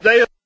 They